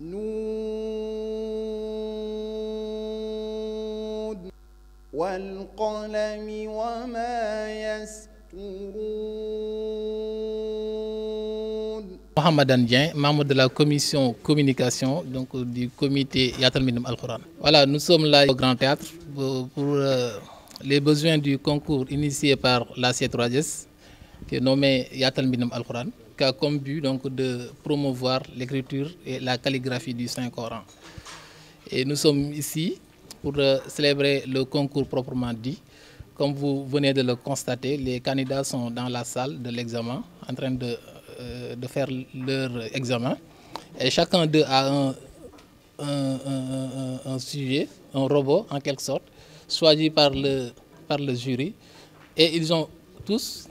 نون والقلم وما de la commission communication donc du comité Yaatal Mbindum Alxuraan. Voilà, nous sommes là au Grand Théâtre pour, euh, les besoins du concours initié par la C3S qui est nommé Yaatal qui a comme but donc, de promouvoir l'écriture et la calligraphie du Saint-Coran. Et nous sommes ici pour euh, célébrer le concours proprement dit. Comme vous venez de le constater, les candidats sont dans la salle de l'examen en train de, euh, de, faire leur examen. Et chacun d'eux a un, un, un, un, sujet, un robot en quelque sorte, choisi par le, par le jury. Et ils ont tous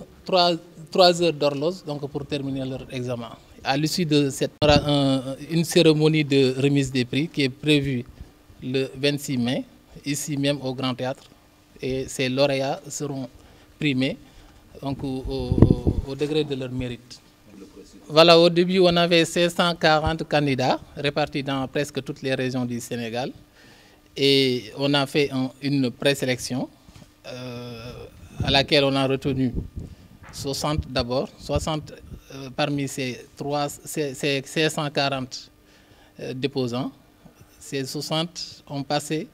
trois heures d'horloge donc pour terminer leur examen. À l'issue de cette, un, euh, euh, une cérémonie de remise des prix qui est prévue le 26 mai, ici même au Grand Théâtre, et ces lauréats seront primés donc, au, degré de leur mérite. Voilà, au début, on avait 540 candidats répartis dans presque toutes les régions du Sénégal. Et on fait un, une présélection euh, à laquelle on 60 d'abord, 60 euh, parmi ces, 3, ces, ces, ces 140 euh, déposants, ces 60 ont passé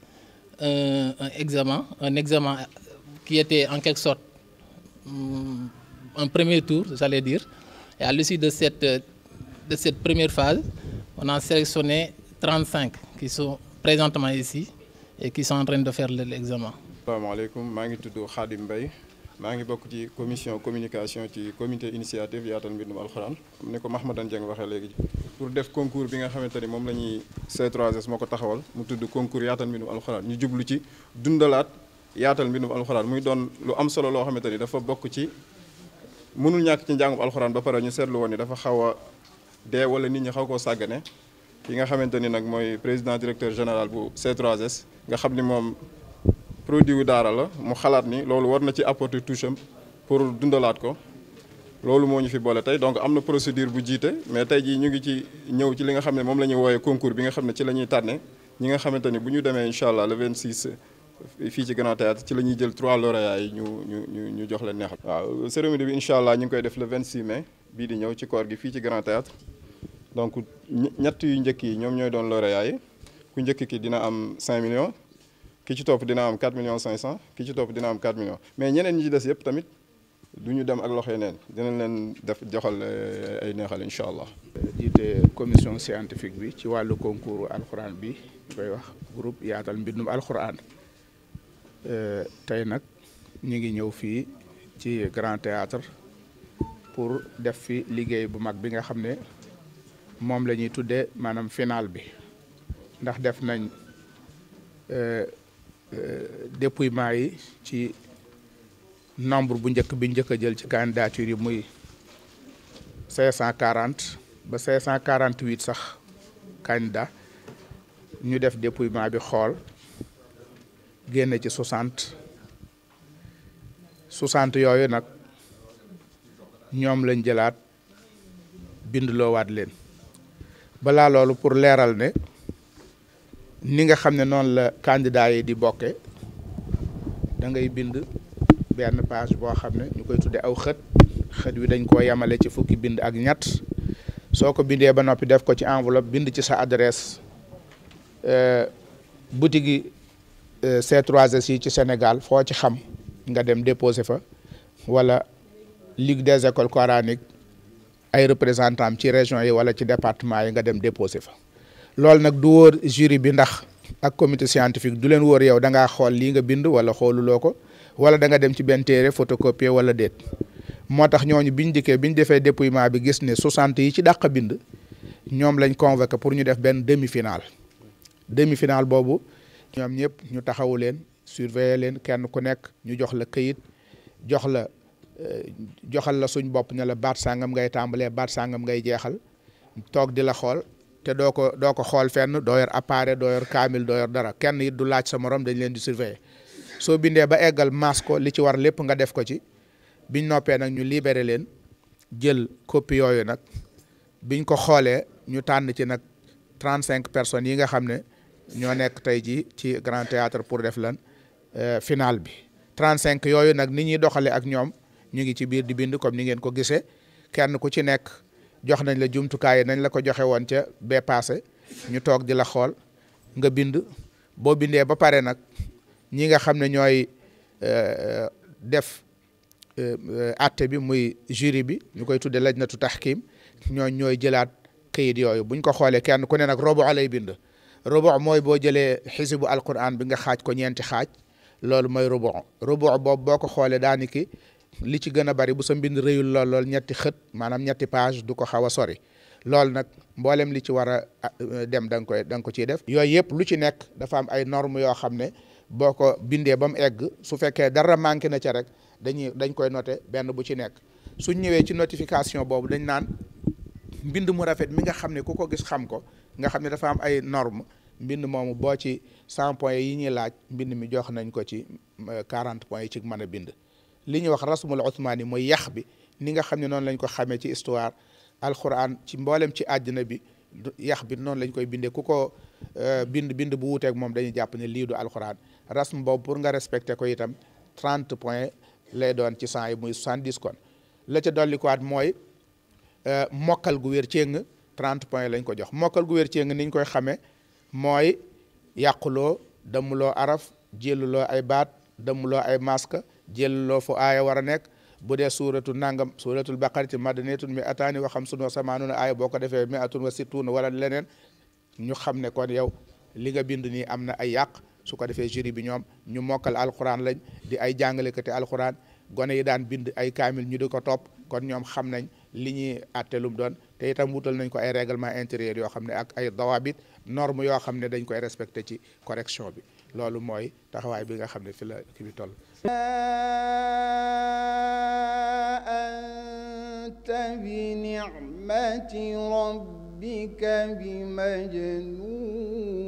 euh, un examen, un examen qui était en quelque sorte hum, mm, un premier tour, j'allais dire. Et à l'issue de cette, de cette première phase, on a sélectionné 35 qui sont présentement ici et qui sont en train de faire l'examen. Salam alaikum, Khadim Bay. maa ngi bokk ci commission communication ci comité initiative yaatal mbindum alxuraan comme ni ko Mahmadan Dieng waxee léegi pour def concours bi nga xamante ni moom la ñuy c moo ko taxawal mu tudd concours yaatal mbindum alxuraan ñu jublu ci dundalaat yaatal mbindum alxuraan muy doon lu am solo loo xamante ni dafa bokk ci mënul ñàkk ci njàngum alxuraan ba pare ñu seetlu woon ni dafa xaw a dee wala nit ñi xaw koo sàggane ki nga xamante ni nag mooy président directeur général bu c 3 nga xam ni moom produit wu daara la mu xalaat ni loolu war na ci apporter touche am pour dundalaat ko loolu moo ñu fi boole tey donc am na procédure bu jiite mais tey jii ñu ngi ci ñëw ci li nga xam ne moom la ñuy wooyee concours bi nga xam ne ci la ñuy tànne ñi nga xamante ni bu ñu demee incha allah le 26 fii ci Grand Théâtre ci la ñuy jël trois lauréats yi ñu ñu ñu ñu jox leen neexal. waaw cérémonie bi incha allah ñu ngi koy def le 26 mai bii di ñëw ci koor gi fii donc ñett njëkk yi ñoom ñooy doon lauréats yi ku njëkk ki dina am 5 millions. ki ci topp dina am 4 millions 500 ki ci topp dina am 4 millions mais ñeneen ñi ci des yëpp tamit du ñu dem ak loxo yeneen dinañ leen def joxal eh, ay neexal incha allah. jiite commission scientifique bi ci wàllu concours alxuraan bi koy wax groupe yaatal mbindum alxuraan eh, tey nag ñu ngi ñëw fii ci grand pour def fi liggéey bu mag bi nga xam ne moom la ñuy tuddee maanaam final bi ndax def nañ. Eh, Euh, dépouillement yi ci nombre bu njëkk bi njëkk a jël ci candidature yi muy cinq cent quarante ba cinq cent quarante huit sax candidat ñu def dépouillement bi xool génne ci soixante soixante yooyu nag ñoom lañ jëlaat bindloowaat leen balaa loolu pour leeral ne ni nga xam ne noonu la candidat yi di bokke da ngay bind benn page boo xam ne ñu koy tuddee aw xët xët wi dañ koo yemale ci fukki bind ak ñett soo ko bindee ba noppi def ko ci enveloppe bind ci sa adresse euh, boutique euh, yi c 3 ci Sénégal foo ci xam nga dem déposer fa wala Ligue des écoles coraniques ay représentants ci région yi wala ci département yi nga dem déposer fa loolu nag du wóor jury bi ndax ak comité scientifique du leen wóor yow da ngaa xool lii nga bind wala xooluloo ko wala danga dem ci benn téere photocopier wala déet moo tax ñooñu biñ dikkee biñ defee dépouillement bi gis ne 60 yi ci dàq bind ñoom lañ convoqué pour ñu def benn demi finale demi finale boobu ñoom ñëpp ñu taxawu leen surveiller leen kenn ku nekk ñu jox la këyit jox la euh, joxal la suñ bopp ne la baat sàngam ngay tàmbalee baat sàngam ngay jeexal toog di la xool te doo ko doo ko xool fenn doo yor appareil doo yor kaamil doo yor dara kenn it du laaj sa morom dañ leen di surveiller soo bindee ba eggal maas ko li ci war lépp nga def ko ci biñ noppee nag ñu libere leen jël copie yooyu nag biñ ko xoolee ñu tànn ci nag trente cinq personnes yi nga xam ne ñoo nekk tey jii ci Grand Théâtre pour def lan euh, finale bi trente cinq yooyu nag ni ñuy doxalee ak ñoom ñu ngi ci biir di bind comme ni ngeen ko gisee kenn ku ci nekk. jox nañ la jumtukaay yi nañ la ko joxe woon ca bee paase ñu toog di la xool nga bind boo bindee ba pare nag ñi nga xam ne ñooy euh, def euh, euh, ate bi muy jury bi ñu koy tuddee lajnatu taxkim ñooñ ñooy jëlaat kayit yooyu buñ ko xoolee kenn ku ne nag robo lay bind robo mooy boo jëlee xisibu alquran bi nga xaaj ko ñeenti xaaj loolu mooy robo robo boo ko xoolee daani li ci gën a bari bu sa mbind rëyul lool lool ñetti xët maanaam ñetti page du ko xaw a sori loolu nag mboolem li ci war a dem da nga koy da ko ciy def. yooyu yëpp lu ci nekk dafa am ay normes yoo xam ne boo ko bindee ba mu egg su fekkee dara manqué na ca rek dañuy dañ koy noté benn bu ci nekk suñ ñëwee ci notification boobu dañ naan mbind mu rafet mi nga xam ne ku ko gis xam ko nga xam ne dafa am ay normes. mbind moomu boo ci 100 points yi ñuy laaj mbind mi jox nañ ko ci 40 points yi ci mën a bind li ñuy wax rasmul usmaani mooy yax bi ni nga xam ne noonu lañ ko xamee ci histoire alquran ci mboolem ci àddina bi yax bi noonu lañ koy bindee ku ko euh, bind bind bu wuuteeg moom dañuy jàpp ne lii du alquran rasm boobu pour nga respecté ko itam 30 points lay doon ci 100 yi muy 70 kon la ca dollikuwaat mooy euh, mokkal gu wér céng 30 points lañ ko jox mokkal gu wér céng niñ koy xamee mooy yàquloo damuloo araf jéluloo ay baat damuloo ay masque jël loo fu aaya war a nekk bu dee suuratu nangam suuratul baqara ci madaniyatun mi ataani wa xamsun wa samaanuna aaya boo ko defee mi atun wa situuna wala leneen ñu xam ne kon yow li nga bind nii am na ay yàq su ko defee jury bi ñoom ñu mokkal alquran lañ di ay jàngalekati alquran gone yi daan bind ay kaamil ñu di ko topp kon ñoom xam nañ li ñuy àtte lu doon te itam wutal nañ ko ay règlement intérieur yoo xam ne ak ay dawabit norme yoo xam ne dañ koy respecté ci correction bi loolu mooy taxawaay bi nga xam ne fi la ki bi toll anta bi ni'mati rabbika bi majnun